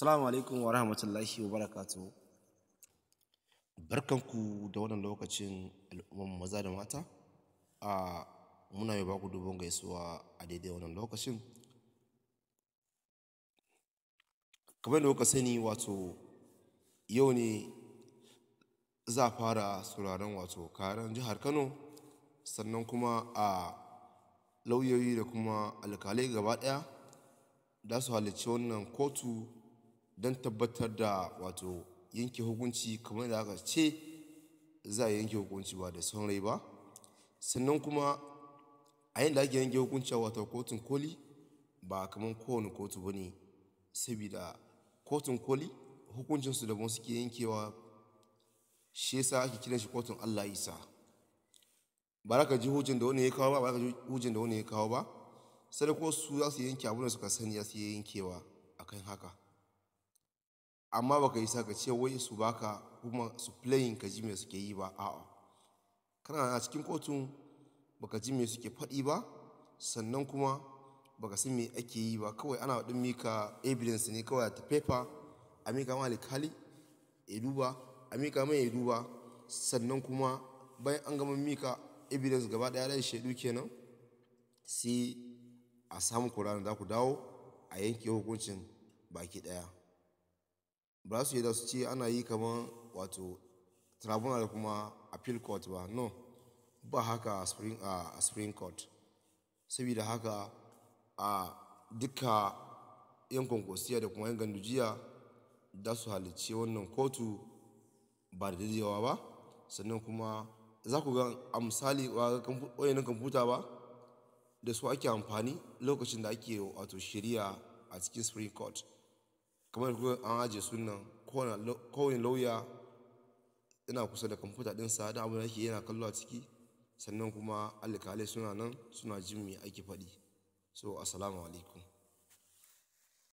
Assalamu alaikum wa rahmatullahi wa barakatuhu. Barkanku da wannan lokacin al'umman maza da mata. A muna yi baku dubon gaisuwa a daidai wannan lokacin. Kamar da kuka sani wato yau ne za a fara sauraron wato karan jihar Kano sannan kuma a lauyoyi da kuma alkalai gaba ɗaya da su halicci wannan kotu don tabbatar da wato yanke hukunci kamar da aka ce za a yanke hukunci ba da son rai ba sannan kuma a da ake yanke hukunci a wato kotun koli ba kamar kowane kotu ba ne saboda kotun koli hukuncinsu wasu ke yankewa shi yasa ake kiran shi kotun allah isa ba za ka ji hujin da wani ya kawo ba ba za ka ji hujin da wani ya kawo ba sai ko su za su yanke abin da suka sani za su yankewa akan haka amma baka sa ka ce wai su baka kuma su playing ka ji me suke yi ba a'a kana a cikin kotun baka ji me suke faɗi ba sannan kuma baka san me ake yi ba kawai ana ɗin mika evidence ne kawai ta paper a mika ma alikali ya duba a mika mai ya duba sannan kuma bayan an gama mika evidence gaba ɗaya da shaidu kenan sai a samu kurana da ku dawo a yanke hukuncin baki ɗaya ba su yi da su ce ana yi kamar wato tribunal da kuma appeal court ba no ba haka a supreme court saboda haka a duka yan kwankwasiya da kuma yan gandujiya da su halicci wannan kotu ba da dajewa ba sannan kuma za ku ga a misali wayannan kamfuta ba da su ake amfani lokacin da ake wato shari'a a cikin supreme court kamar kuma an ajiye sunan kowane lauya yana kusa da kwamfuta ɗinsa da abin da yake yana kallo a ciki sannan kuma alkalai suna nan suna jin me ake faɗi so assalamu alaikum